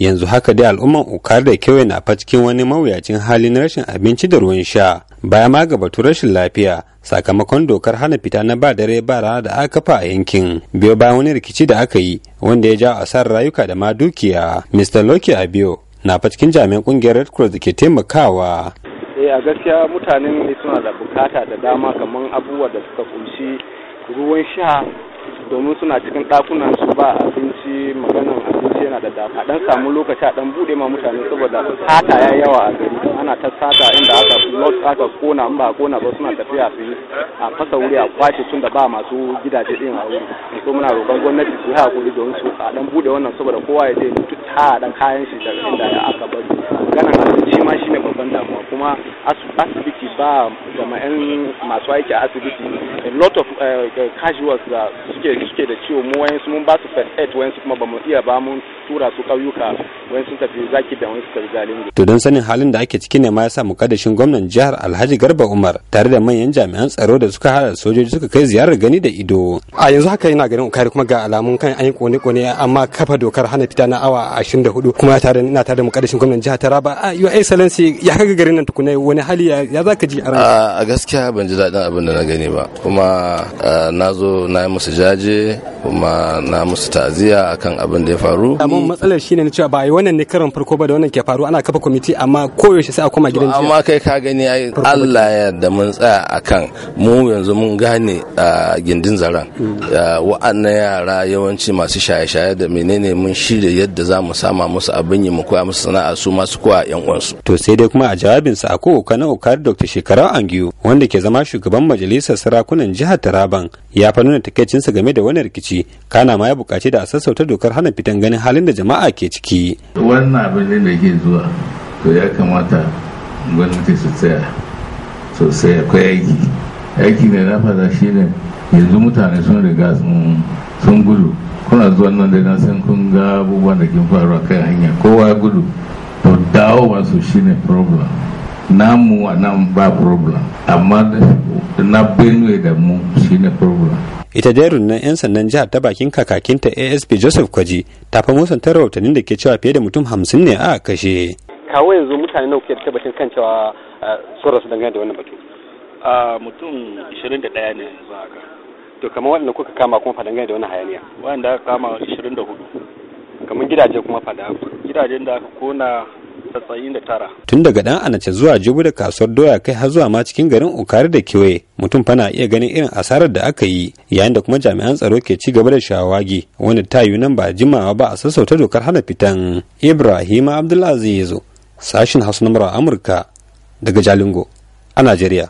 yanzu haka dai al'umman ukar da kewaye na fa cikin wani mawuyacin hali na rashin abinci da ruwan sha baya ma ga batu rashin lafiya sakamakon dokar hana fita na ba dare ba rana da aka fa a yankin biyo bayan wani rikici da aka yi wanda ya jawo asarar rayuka da ma dukiya mr loki abio na fa cikin jami'an kungiyar red cross da ke taimakawa eh a gaskiya mutanen suna da bukata da dama kamar abubuwa da suka kunshi ruwan sha domin suna cikin ɗakunan su ba abinci maganan abinci yana da a dan samu lokaci a dan bude ma mutane saboda sata ya yawa a gari ana ta sata inda aka lot aka kona in ba kona ba suna tafiya su a fasa wuri a kwace tun da ba masu gidaje din a wuri so muna roƙon gwamnati su hakuri don su a dan bude wannan saboda kowa ya je ta dan kayan shi daga inda ya aka bari ganin asibiti ma shine babban damuwa kuma asibiti ba jama'an masu aiki a asibiti a lot of eh, casuals da suke suke da ciwo mu wayansu mun ba su first aid wayansu kuma ba mu iya ba mun tura su ƙauyuka wani sun tafi zaki da wani suka tafi to don sanin halin da ake ciki ne ma yasa mukaddashin gwamnan jihar alhaji garba umar tare da manyan jami'an tsaro da suka hada sojoji suka kai ziyarar gani da ido. a yanzu haka yana ganin ukari kuma ga alamun kan an yi kone-kone amma kafa dokar hana fita na awa 24 kuma tare na tare da mukaddashin gwamnan jihar taraba your excellency ya kaga garin nan tukuna wani hali ya zaka ji a a gaskiya ban ji daɗin abin da na gani ba kuma na zo na yi musu jaje kuma na musu ta'aziyya akan abin da ya faru. amma eh, matsalar shine ne cewa ba wannan ne karan farko ba da wannan ke faru ana kafa kwamiti amma koyaushe sai a koma gidan jiya. Amma kai ka gani ai Allah ya da mun tsaya akan mu yanzu mun gane gindin zaren. Mm. Wa'annan yara yawanci masu shaye-shaye da menene mun shirya yadda za mu sama musu abin yi mu koya musu sana'a su masu koya yan uwansu. To sai dai kuma a jawabinsa a kowa na okar Dr. Shekara Angiyu wanda ke zama shugaban majalisar sarakunan jihar Taraban ya fa nuna takaicinsa game da wani rikici kana ma ya bukaci da a sassauta dokar hana fitan ganin halin halin da jama'a ke ciki wannan abin da ke zuwa to ya kamata gwamnati su tsaya sosai akwai aiki aiki ne na fata shi ne yanzu mutane sun riga sun gudu kuna zuwa nan da na san kun ga abubuwan da ke faruwa kan hanya kowa ya gudu to dawowa su shi ne problem namu a nan ba problem amma na benue da mu shi ne problem ita dai rundunar 'yan sandan jihar ta bakin kakakinta asp joseph kwaji ta fa musanta rahotannin da ke cewa fiye da mutum hamsin ne a kashe kawo yanzu mutane nawa ke da tabbacin kan cewa uh, sun rasu dangane da wannan batun. mutum 21 ne yanzu haka to kamar waɗanda kuka kama kuma fadan gane da wannan hayaniya waɗanda aka kama 24 kamar gidaje kuma fada gidajen da aka kona Tun daga dan anace zuwa jibu da kasuwar doya kai har zuwa ma cikin garin Ukari da kewaye mutum fana iya ganin irin asarar da aka yi yayin da kuma jami'an tsaro ke ci gaba da shawagi wanda ta yi nan ba jimawa ba a sassauta dokar hana fitan. Ibrahim Abdulaziz sashin Hausa na Amurka daga Jalingo a Najeriya.